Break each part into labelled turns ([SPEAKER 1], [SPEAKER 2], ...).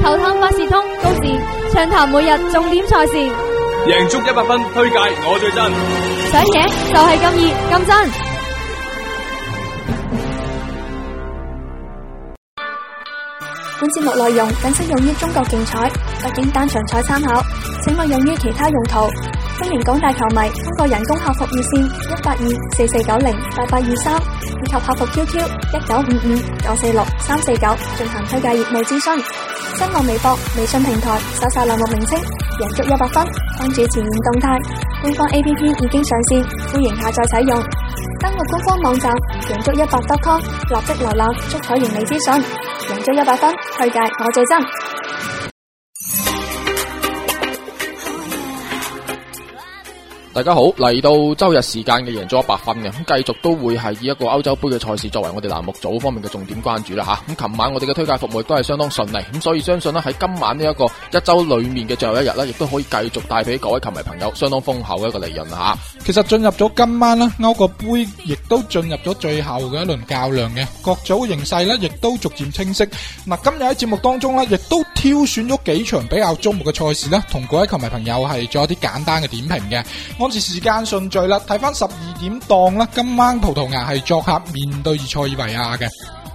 [SPEAKER 1] 球探萬事通，高士暢談每日重點賽事，
[SPEAKER 2] 贏足一百分推介，我最
[SPEAKER 1] 真，想贏，就係、是、咁易咁真。本節目內容僅適用於中國競彩、北京單場彩參考，請勿用於其他用途。歡迎廣大球迷通過人工客服熱線一八二四四九零八八二三以及客服 QQ 一九五五九四六三四九進行推介業務諮詢。新浪微博、微信平台搜索欄目名稱贏足一百分，關注前沿動態。官方 APP 已經上線，歡迎下載使用。登錄官方網站贏足一百 .com，立即瀏覽足彩盈利資訊。贏足一百分，推介我最真。
[SPEAKER 2] 大家好，嚟到周日時間嘅贏足 100FUN 嘅，咁繼續都會係以一個歐洲杯嘅賽事作為我哋欄目組方面嘅重點關注啦吓。咁、啊、琴晚我哋嘅推介服務都係相當順利，咁所以相信呢，喺今晚呢一個一周裏面嘅最後一日呢，亦都可以繼續帶俾各位球迷朋友相當豐厚嘅一個利潤吓。
[SPEAKER 1] 啊、其實進入咗今晚咧，歐國杯亦都進入咗最後嘅一輪較量嘅，各組形勢呢亦都逐漸清晰。嗱、啊，今日喺節目當中呢，亦都挑選咗幾場比較矚目嘅賽事呢，同各位球迷朋友係做一啲簡單嘅點評嘅，今次時間順序啦，睇翻十二點檔啦。今晚葡萄牙係作客面對住塞爾維亞嘅。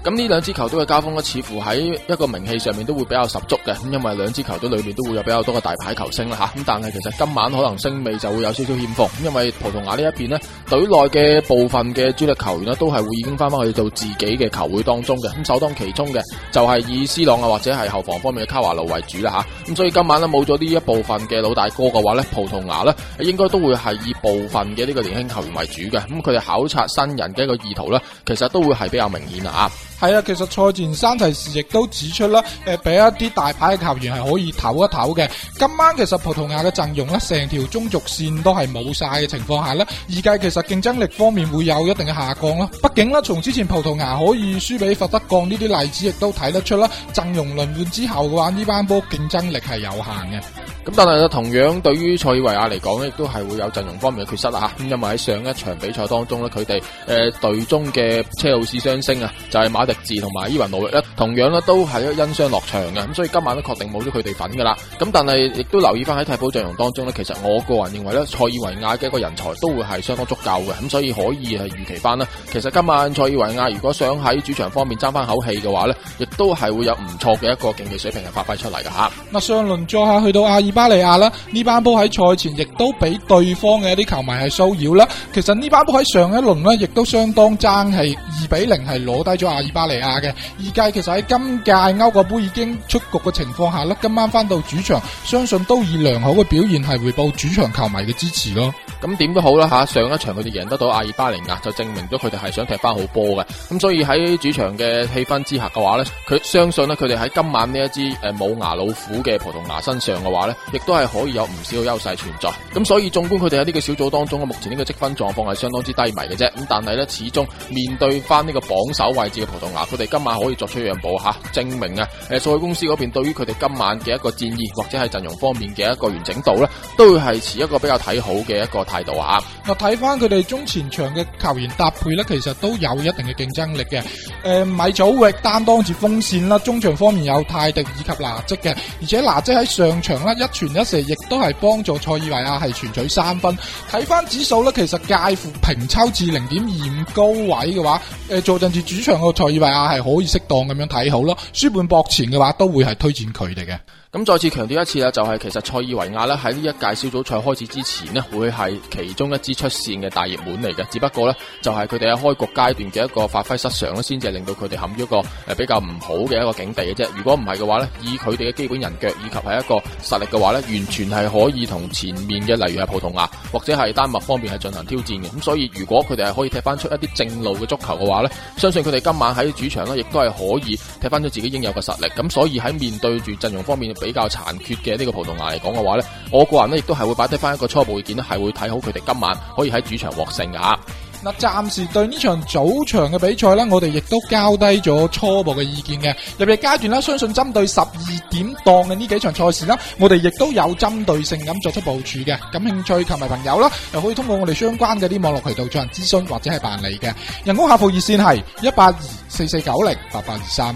[SPEAKER 1] 咁呢兩支球隊嘅交鋒呢，似
[SPEAKER 2] 乎喺一個名氣上面都會比較十足嘅。咁因為兩支球隊裏面都會有比較多嘅大牌球星啦吓。咁但係其實今晚可能升味就會有少少欠奉，因為葡萄牙呢一邊呢，隊內嘅部分嘅主力球員呢，都係會已經返返去到自己嘅球會當中嘅。咁首當其衝嘅就係以斯朗啊，或者係後防方面嘅卡華路為主啦吓。咁所以今晚呢，冇咗呢一部分嘅老大哥嘅話呢，葡萄牙呢應該都會係以部分嘅呢個年輕球員為主嘅。咁佢哋
[SPEAKER 1] 考察新人嘅一個意圖呢，其實都會係比較明顯啊。係啊，其實賽前三提時亦都指出啦，誒、呃，俾一啲大牌嘅球員係可以唞一唞嘅。今晚其實葡萄牙嘅陣容咧，成條中軸線都係冇晒嘅情況下咧，而家其實競爭力方面會有一定嘅下降咯。畢竟咧，從之前葡萄牙可以輸俾佛德降呢啲例子亦都睇得出啦，陣容輪換之後嘅話，呢班波競爭力係有限嘅。咁但係
[SPEAKER 2] 同樣對於塞爾維亞嚟講呢，亦都係會有陣容方面嘅缺失啦嚇。咁因為喺上一場比賽當中呢，佢哋誒隊中嘅車路士雙星啊，就係、是、馬迪治同埋伊雲奴力咧，同樣咧都係一因傷落場嘅。咁所以今晚都確定冇咗佢哋份噶啦。咁但係亦都留意翻喺替補陣容當中呢，其實我個人認為呢，塞爾維亞嘅一個人才都會係相當足夠嘅。咁所以可以係預期翻啦。其實今晚塞爾維亞如果想喺主場方面爭翻口氣嘅話呢，亦都係會有唔錯嘅一個競技水平係發揮出嚟嘅嚇。
[SPEAKER 1] 嗱，上輪再下去到阿爾巴尼亞啦，呢班波喺賽前亦都俾對方嘅一啲球迷係騷擾啦。其實呢班波喺上一輪呢，亦都相當爭氣，二比零係攞低咗阿爾巴尼亞嘅。二屆其實喺今屆歐國杯已經出局嘅情況下咧，今晚翻到主場，相信都以良好嘅表現係回報主場球迷嘅支持咯。
[SPEAKER 2] 咁點都好啦吓，上一場佢哋贏得到阿爾巴尼亞，就證明咗佢哋係想踢翻好波嘅。咁所以喺主場嘅氣氛之下嘅話呢，佢相信呢，佢哋喺今晚呢一支誒冇牙老虎嘅葡萄牙身上嘅話咧。亦都係可以有唔少嘅優勢存在，咁所以縱觀佢哋喺呢個小組當中，目前呢個積分狀況係相當之低迷嘅啫。咁但係咧，始終面對翻呢個榜首位置嘅葡萄牙，佢哋今晚可以作出一步吓，啊，證明啊！誒，數據公司嗰邊對於佢哋今晚嘅一個戰意，或者係陣容方面嘅一個完整度咧，啊，都係持一個比較睇好嘅一個態度吓。
[SPEAKER 1] 我睇翻佢哋中前場嘅球員搭配咧，其實都有一定嘅競爭力嘅。誒、呃，米祖域擔當住鋒線啦，中場方面有泰迪以及拿積嘅，而且拿積喺上場咧一。傳一射亦都係幫助塞爾維亞係全取三分。睇翻指數咧，其實介乎平抽至零點二五高位嘅話，誒、呃，做陣住主場嘅塞爾維亞係可以適當咁樣睇好咯。輸半博前嘅話，都會係推薦佢哋嘅。
[SPEAKER 2] 咁再次強調一次啦，就係其實塞爾維亞咧，喺呢一屆小組賽開始之前呢，會係其中一支出線嘅大熱門嚟嘅。只不過呢，就係佢哋喺開局階段嘅一個發揮失常咧，先至令到佢哋陷入一個誒比較唔好嘅一個境地嘅啫。如果唔係嘅話呢，以佢哋嘅基本人腳以及係一個實力嘅話呢，完全係可以同前面嘅例如係葡萄牙或者係丹麥方面係進行挑戰嘅。咁所以如果佢哋係可以踢翻出一啲正路嘅足球嘅話呢，相信佢哋今晚喺主場呢，亦都係可以踢翻出自己應有嘅實力。咁所以喺面對住陣容方面比較殘缺嘅呢個葡萄牙嚟講嘅話呢，我個人呢亦都係會擺低翻一個初步意見，係會睇好佢哋今晚可以喺主場獲勝嘅吓。
[SPEAKER 1] 嗱，暫時對呢場早場嘅比賽呢，我哋亦都交低咗初步嘅意見嘅。入夜階段啦，相信針對十二點檔嘅呢幾場賽事啦，我哋亦都有針對性咁作出部署嘅。感興趣球迷朋友啦，又可以通過我哋相關嘅啲網絡渠道進行諮詢或者係辦理嘅。人工客服熱線係一八二四四九零八八二三。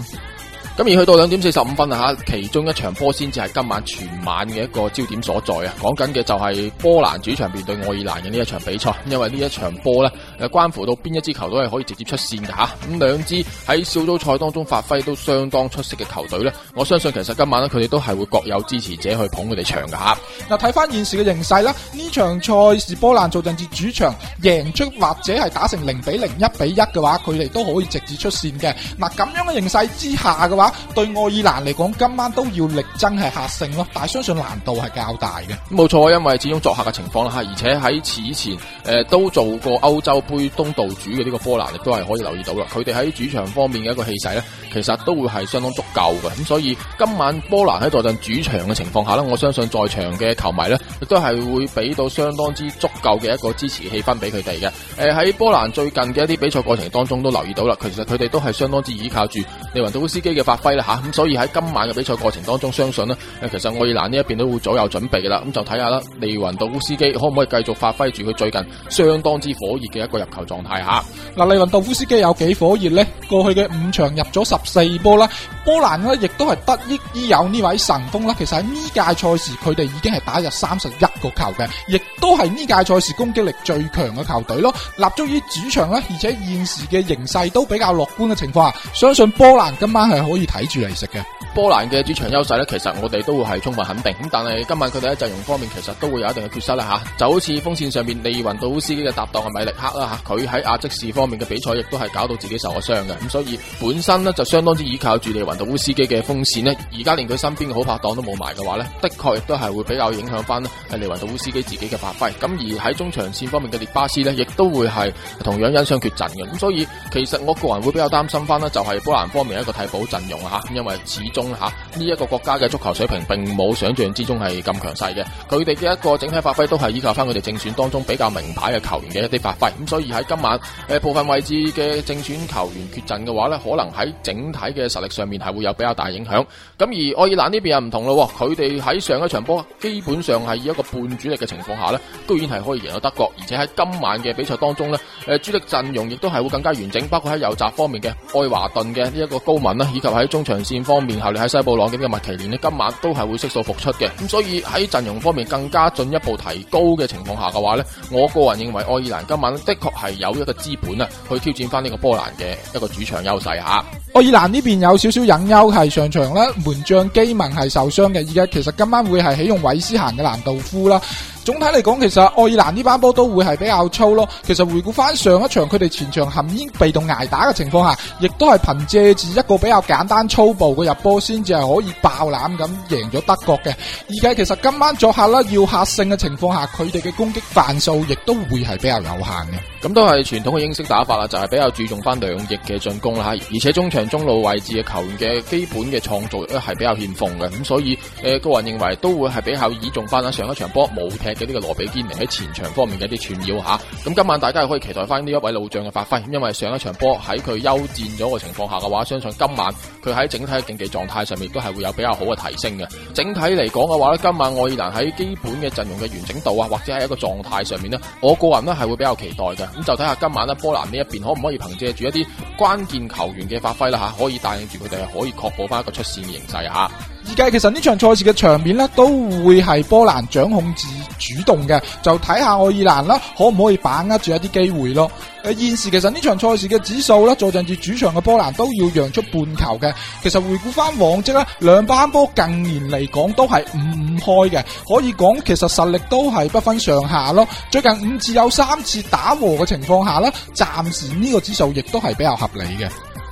[SPEAKER 2] 咁而去到兩點四十五分啊吓，其中一場波先至係今晚全晚嘅一個焦點所在啊！講緊嘅就係波蘭主場面對愛爾蘭嘅呢一場比賽，因為呢一場波咧，誒，關乎到邊一支球隊係可以直接出線噶吓。咁兩支喺小組賽當中發揮都相當出色嘅球隊咧，我相信其實今晚咧佢哋都係會各有支持者去捧佢哋場噶吓。
[SPEAKER 1] 嗱，睇翻，現時嘅形勢啦，呢場賽事波蘭做陣至主場贏出或者係打成零比零、一比一嘅話，佢哋都可以直接出線嘅。嗱，咁樣嘅形勢之下嘅話，對愛爾蘭嚟講，今晚都要力爭係客勝咯，但係相信難度係較大嘅。
[SPEAKER 2] 冇錯，因為始終作客嘅情況啦吓，而且喺此前誒、呃、都做過歐洲盃東道主嘅呢個波蘭，亦都係可以留意到啦。佢哋喺主場方面嘅一個氣勢咧，其實都會係相當足夠嘅。咁所以今晚波蘭喺坐陣主場嘅情況下呢，我相信在場嘅球迷咧，亦都係會俾到相當之足夠嘅一個支持氣氛俾佢哋嘅。誒、呃，喺波蘭最近嘅一啲比賽過程當中都留意到啦，其實佢哋都係相當之依靠住利雲多夫斯基嘅發。揮啦吓，咁所以喺今晚嘅比賽過程當中，相信呢誒，其實愛爾蘭呢一邊都會早有準備嘅啦，咁就睇下啦，利雲道夫斯基可唔可以繼續發揮住佢最近相當之火熱嘅一個入球狀
[SPEAKER 1] 態吓，嗱，利雲道夫斯基有幾火熱呢？過去嘅五場入咗十四波啦。波蘭咧亦都係得益於有呢位神鋒啦，其實喺呢屆賽事佢哋已經係打入三十一個球嘅，亦都係呢屆賽事攻擊力最強嘅球隊咯。立足於主場啦，而且現時嘅形勢都比較樂觀嘅情況，相信波蘭今晚係可以睇住嚟食嘅。
[SPEAKER 2] 波蘭嘅主場優勢咧，其實我哋都會係充分肯定。咁但係今晚佢哋喺陣容方面其實都會有一定嘅缺失啦吓，啊，就好似鋒線上面利雲杜夫斯基嘅搭檔係米力克啦吓，佢喺阿積士方面嘅比賽亦都係搞到自己受咗傷嘅，咁所以本身呢，就相當之依靠住利雲。杜夫斯基嘅鋒線呢，而家連佢身邊嘅好拍檔都冇埋嘅話呢，的確亦都係會比較影響翻利雲度夫斯基自己嘅發揮。咁而喺中場線方面嘅列巴斯呢，亦都會係同樣因傷缺陣嘅。咁所以其實我個人會比較擔心翻呢，就係波蘭方面一個替補陣容啊吓，因為始終吓呢一個國家嘅足球水平並冇想象之中係咁強勢嘅。佢哋嘅一個整體發揮都係依靠翻佢哋正選當中比較名牌嘅球員嘅一啲發揮。咁所以喺今晚誒、呃、部分位置嘅正選球員缺陣嘅話呢，可能喺整體嘅實力上面會有比較大影響，咁而愛爾蘭呢邊又唔同咯，佢哋喺上一場波基本上係以一個半主力嘅情況下都居然係可以贏到德國，而且喺今晚嘅比賽當中呢，誒主力陣容亦都係會更加完整，包括喺右閘方面嘅愛華頓嘅呢一個高文啦，以及喺中場線方面效力喺西布朗嘅麥奇連呢，今晚都係會悉數復出嘅，咁所以喺陣容方面更加進一步提高嘅情況下嘅話呢，我個人認為愛爾蘭今晚的確係有一個資本啊，去挑戰翻呢個波蘭嘅一個主場優勢吓。
[SPEAKER 1] 愛爾蘭呢邊有少少。引誘係上場啦，門將基文係受傷嘅，而家其實今晚會係起用韋斯咸嘅蘭道夫啦。總體嚟講，其實愛爾蘭呢班波都會係比較粗咯。其實回顧翻上一場，佢哋全場含煙被動挨打嘅情況下，亦都係憑借住一個比較簡單粗暴嘅入波，先至係可以爆冷咁贏咗德國嘅。而家其實今晚作客啦，要客勝嘅情況下，佢哋嘅攻擊範數亦都會係比較有限嘅。咁都係傳統嘅
[SPEAKER 2] 英式打法啦，就係、是、比較注重翻兩翼嘅進攻啦吓，而且中場中路位置嘅球員嘅基本嘅創造咧係比較欠奉嘅。咁所以，誒、呃、個人認為都會係比較倚重翻啦。上一場波冇踢嘅呢個羅比堅尼喺前場方面嘅一啲串擾嚇，咁今晚大家係可以期待翻呢一位老將嘅發揮，因為上一場波喺佢休戰咗嘅情況下嘅話，相信今晚佢喺整體嘅競技狀態上面都係會有比較好嘅提升嘅。整體嚟講嘅話咧，今晚愛爾蘭喺基本嘅陣容嘅完整度啊，或者係一個狀態上面呢，我個人呢係會比較期待嘅。咁就睇下今晚波蘭呢一邊可唔可以憑藉住一啲關鍵球員嘅發揮啦嚇，可以帶領住佢哋可以確保翻一個出線形勢嚇。
[SPEAKER 1] 而家其實呢場賽事嘅場面咧，都會係波蘭掌控自主動嘅，就睇下愛爾蘭啦，可唔可以把握住一啲機會咯？誒，現時其實呢場賽事嘅指數咧，坐陣住主場嘅波蘭都要讓出半球嘅。其實回顧翻往績呢，兩班波近年嚟講都係五五開嘅，可以講其實實力都係不分上下咯。最近五次有三次打和嘅情況下呢，暫時呢個指數亦都係比較合理嘅。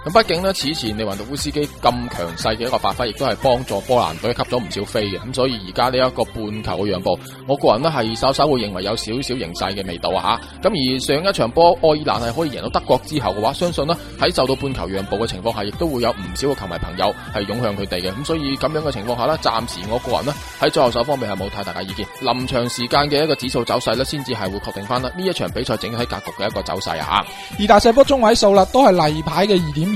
[SPEAKER 2] 咁畢竟呢此前利雲多夫斯基咁強勢嘅一個發揮，亦都係幫助波蘭隊吸咗唔少飛嘅。咁所以而家呢一個半球嘅讓步，我個人呢係稍稍會認為有少少形勢嘅味道啊！吓，咁而上一場波愛爾蘭係可以贏到德國之後嘅話，相信呢喺受到半球讓步嘅情況下，亦都會有唔少嘅球迷朋友係湧向佢哋嘅。咁所以咁樣嘅情況下呢暫時我個人呢喺左右手方面係冇太大嘅意見。臨場時間嘅一個指數走勢呢，先至係會確定翻啦呢一場比賽整體格局嘅一個走勢啊！
[SPEAKER 1] 而大細波中位數啦，都係例牌嘅二點。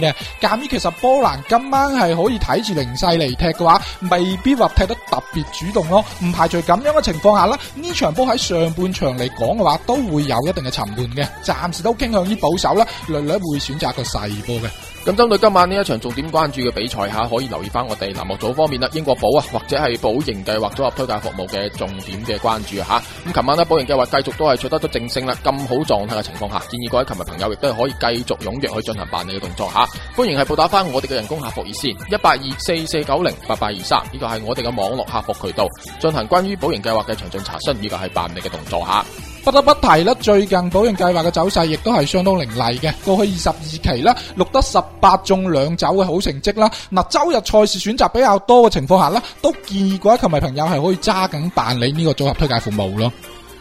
[SPEAKER 1] 嘅，鑒於其實波蘭今晚係可以睇住零勢嚟踢嘅話，未必話踢得特別主動咯，唔排除咁樣嘅情況下啦。呢場波喺上半場嚟講嘅話，都會有一定嘅沉悶嘅，暫時都傾向於保守啦，略略會選擇個細波嘅。咁針對今晚呢一場重點關注嘅比
[SPEAKER 2] 賽吓，可以留意翻我哋欄目組方面啦，英國寶啊或者係寶盈計劃組合推介服務嘅重點嘅關注吓。咁琴晚咧寶盈計劃繼續都係取得咗正勝啦，咁好狀態嘅情況下，建議各位琴日朋友亦都係可以繼續踴躍去進行辦理嘅動作吓。歡迎係撥打翻我哋嘅人工客服熱線一八二四四九零八八二三，呢個係我哋嘅網絡客服渠道，進行關於保盈計劃嘅詳盡查詢，呢個係辦理嘅動作哈。
[SPEAKER 1] 不得不提啦，最近保盈計劃嘅走勢亦都係相當凌厲嘅，過去二十二期啦，錄得十八中兩走嘅好成績啦。嗱，周日賽事選擇比較多嘅情況下呢都建議各位球迷朋友係可以揸緊辦理呢個組合推介服務咯。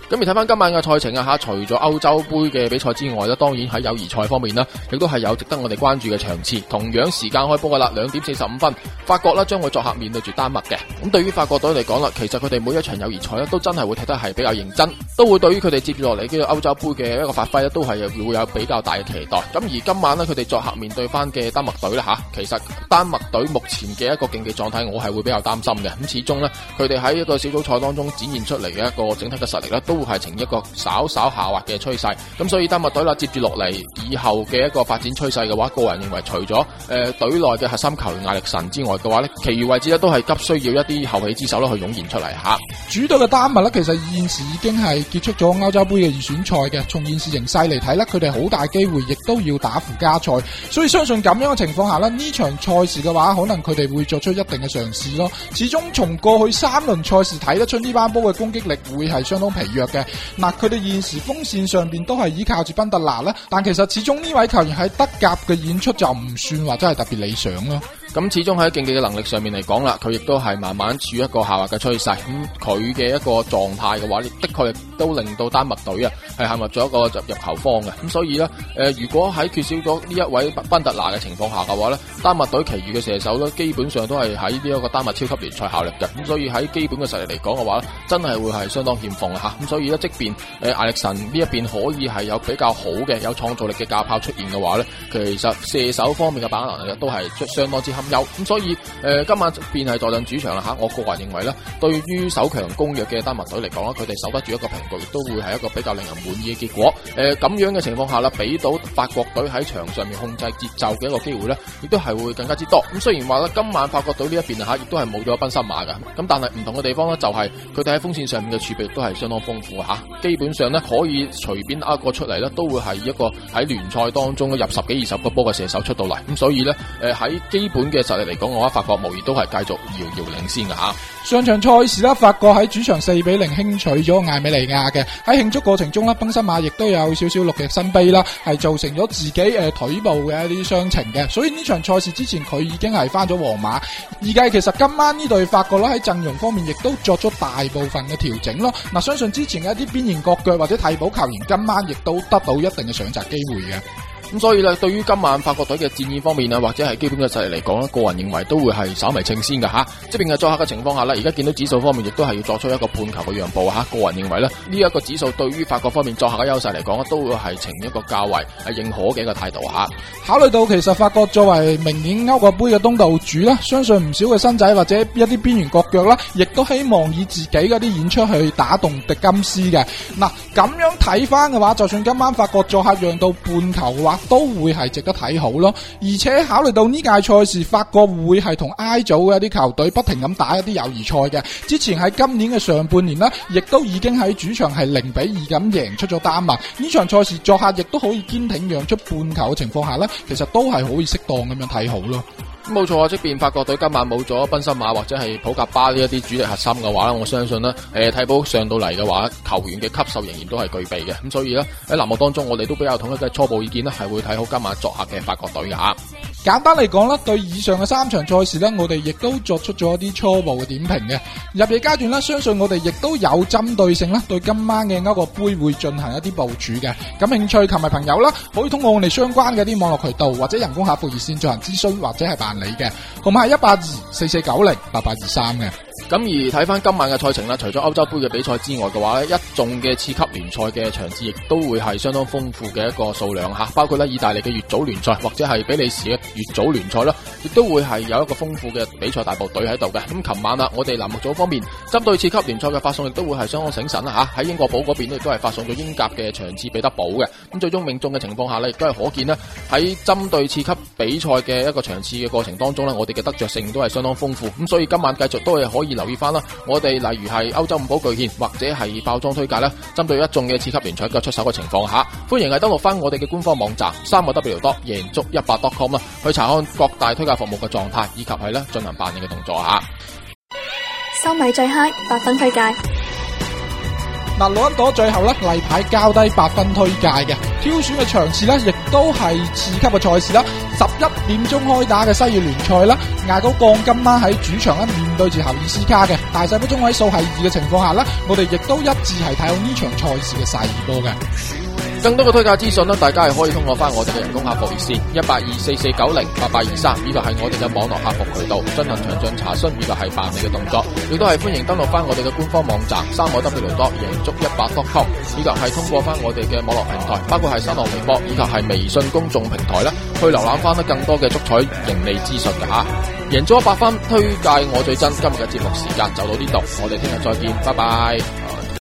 [SPEAKER 2] 咁而睇翻今晚嘅賽程啊，吓除咗歐洲盃嘅比賽之外咧，當然喺友誼賽方面呢，亦都係有值得我哋關注嘅場次。同樣時間開波噶啦，兩點四十五分，法國呢將會作客面對住丹麥嘅。咁對於法國隊嚟講啦，其實佢哋每一場友誼賽呢都真係會踢得係比較認真，都會對於佢哋接住落嚟呢個歐洲盃嘅一個發揮呢都係會有比較大嘅期待。咁而今晚呢，佢哋作客面對翻嘅丹麥隊咧，吓其實丹麥隊目前嘅一個競技狀態，我係會比較擔心嘅。咁始終呢，佢哋喺一個小組賽當中展現出嚟嘅一個整體嘅實力咧，都係呈一個稍稍下滑嘅趨勢，咁所以丹麥隊啦，接住落嚟以後嘅一個發展趨勢嘅話，個人認為除咗誒隊內嘅核心球員亞力神之外嘅話呢，其餘位置咧，都係急需要一啲後起之秀啦，去湧現出嚟吓。
[SPEAKER 1] 主隊嘅丹麥呢，其實現時已經係結束咗歐洲盃嘅預選賽嘅，從現時形勢嚟睇呢，佢哋好大機會亦都要打附加賽，所以相信咁樣嘅情況下呢，呢場賽事嘅話，可能佢哋會作出一定嘅嘗試咯。始終從過去三輪賽事睇得出呢班波嘅攻擊力會係相當疲弱。嘅，嗱，佢哋現時鋒線上邊都係依靠住賓特拿啦。但其實始終呢位球員喺德甲嘅演出就唔算話真係特別理想咯。咁，
[SPEAKER 2] 始終喺競技嘅能力上面嚟講啦，佢亦都係慢慢處一個下滑嘅趨勢。咁佢嘅一個狀態嘅話呢，的確亦都令到丹麥隊啊，係陷入咗一個入入球荒嘅。咁、嗯、所以呢、呃，如果喺缺少咗呢一位賓特拿嘅情況下嘅話呢，丹麥隊其餘嘅射手呢，基本上都係喺呢一個丹麥超級聯賽效力嘅。咁、嗯、所以喺基本嘅實力嚟講嘅話呢，真係會係相當欠奉嘅吓。咁、嗯、所以呢，即便誒艾力臣呢一邊可以係有比較好嘅、有創造力嘅架炮出現嘅話呢，其實射手方面嘅把握能力都係相當之有咁、嗯、所以，誒、呃、今晚便係坐鎮主場啦嚇、啊。我個人認為咧，對於守強攻弱嘅丹麥隊嚟講啦，佢哋守得住一個平局，亦都會係一個比較令人滿意嘅結果。誒、呃、咁樣嘅情況下啦，俾到法國隊喺場上面控制節奏嘅一個機會咧，亦都係會更加之多。咁、嗯、雖然話咧，今晚法國隊呢一邊嚇，亦、啊、都係冇咗奔三馬賓斯馬嘅，咁、啊、但係唔同嘅地方咧，就係佢哋喺鋒線上面嘅儲備都係相當豐富嚇、啊。基本上咧，可以隨便一個出嚟咧，都會係一個喺聯賽當中入十幾二十個波嘅射手出到嚟。咁、嗯、所以咧，誒、呃、喺基本，嘅實力嚟講，我覺得法國無疑都係繼續遙遙領先嘅吓。
[SPEAKER 1] 上場賽事咧，法國喺主場四比零輕取咗艾美尼亞嘅。喺慶祝過程中咧，奔塞馬亦都有少少樂極生悲啦，係造成咗自己誒、呃、腿部嘅一啲傷情嘅。所以呢場賽事之前，佢已經係翻咗皇馬二季。而家其實今晚呢隊法國咧，喺陣容方面亦都作咗大部分嘅調整咯。嗱、呃，相信之前嘅一啲邊緣國腳或者替補球員，今晚亦都得到一定嘅上陣機會嘅。
[SPEAKER 2] 咁所以咧，對於今晚法國隊嘅戰意方面啊，或者係基本嘅實力嚟講咧，個人認為都會係稍微稱先嘅吓。即係邊係作客嘅情況下呢，而家見到指數方面亦都係要作出一個半球嘅讓步吓。個人認為呢，呢一個指數對於法國方面作客嘅優勢嚟講咧，都會係呈一個較為係認可嘅一個態度吓。
[SPEAKER 1] 考慮到其實法國作為明年歐國杯嘅東道主啦，相信唔少嘅新仔或者一啲邊緣國腳啦，亦都希望以自己嗰啲演出去打動迪金斯嘅。嗱，咁樣睇翻嘅話，就算今晚法國作客讓到半球嘅話，都會係值得睇好咯，而且考慮到呢屆賽事，法國會係同 I 組嘅一啲球隊不停咁打一啲友誼賽嘅。之前喺今年嘅上半年呢，亦都已經喺主場係零比二咁贏出咗丹麥。呢場賽事作客亦都可以堅挺讓出半球嘅情況下呢，其實都係可以適當咁樣睇好咯。
[SPEAKER 2] 冇錯啊！即便法國隊今晚冇咗賓森馬或者係普格巴呢一啲主力核心嘅話咧，我相信呢誒替補上到嚟嘅話，球員嘅級數仍然都係具備嘅。咁所以呢，喺欄目當中，我哋都比較統一嘅
[SPEAKER 1] 初步意見呢係會睇好今晚作客嘅法國隊噶。簡單嚟講咧，對以上嘅三場賽事咧，我哋亦都作出咗一啲初步嘅點評嘅。入夜階段呢，相信我哋亦都有針對性啦，對今晚嘅一個杯會進行一啲部署嘅。感興趣球迷朋友啦，可以通過我哋相關嘅啲網絡渠道或者人工客服熱線進行諮詢或者係辦理嘅，同埋係一八二四四九零八八二三嘅。咁而睇翻今晚
[SPEAKER 2] 嘅賽程啦，除咗歐洲杯嘅比賽之外嘅話，一眾嘅次級聯賽嘅場次亦都會係相當豐富嘅一個數量吓，包括咧意大利嘅乙組聯賽或者係比利時嘅乙組聯賽啦，亦都會係有一個豐富嘅比賽大部隊喺度嘅。咁琴晚啦，我哋欄目組方面針對次級聯賽嘅發送亦都會係相當醒神吓，喺英國寶嗰邊咧亦都係發送咗英甲嘅場次彼得寶嘅。咁最終命中嘅情況下咧，亦都係可見咧喺針對次級比賽嘅一個場次嘅過程當中咧，我哋嘅得着性都係相當豐富。咁所以今晚繼續都係可以。留意翻啦，我哋例如係歐洲五寶巨獻，或者係爆裝推介啦，針對一眾嘅次級聯賽嘅出手嘅情況下，歡迎係登錄翻我哋嘅官方網站三個 W 多贏足一百 dot com 啦，去查看各大推介服務嘅狀態以及係咧進行扮演嘅動作吓，
[SPEAKER 1] 收米最嗨，百分推介。嗱，攞一朵最後咧，例牌交低八分推介嘅，挑選嘅場次咧亦都係次級嘅賽事啦，十一點鐘開打嘅西乙聯賽啦，牙高降今晚喺主場咧面對住侯爾斯卡嘅，大細不中位數係二嘅情況下啦，我哋亦都一致係睇好呢場賽事嘅細二波嘅。
[SPEAKER 2] 更多嘅推介資訊咧，大家係可以通過翻我哋嘅人工客服熱線一八二四四九零八八二三，4 4 90, 23，以及係我哋嘅網絡客服渠道進行詳盡查詢，以及係辦理嘅動作，亦都係歡迎登錄翻我哋嘅官方網站三個 w 多贏足一百 .com 以及係通過翻我哋嘅網絡平台，包括係新浪微博以及係微信公眾平台啦，去瀏覽翻更多嘅足彩盈利資訊嘅吓。贏足一百分推介我最真，今日嘅節目時間就到呢度，我哋聽日再見，拜拜。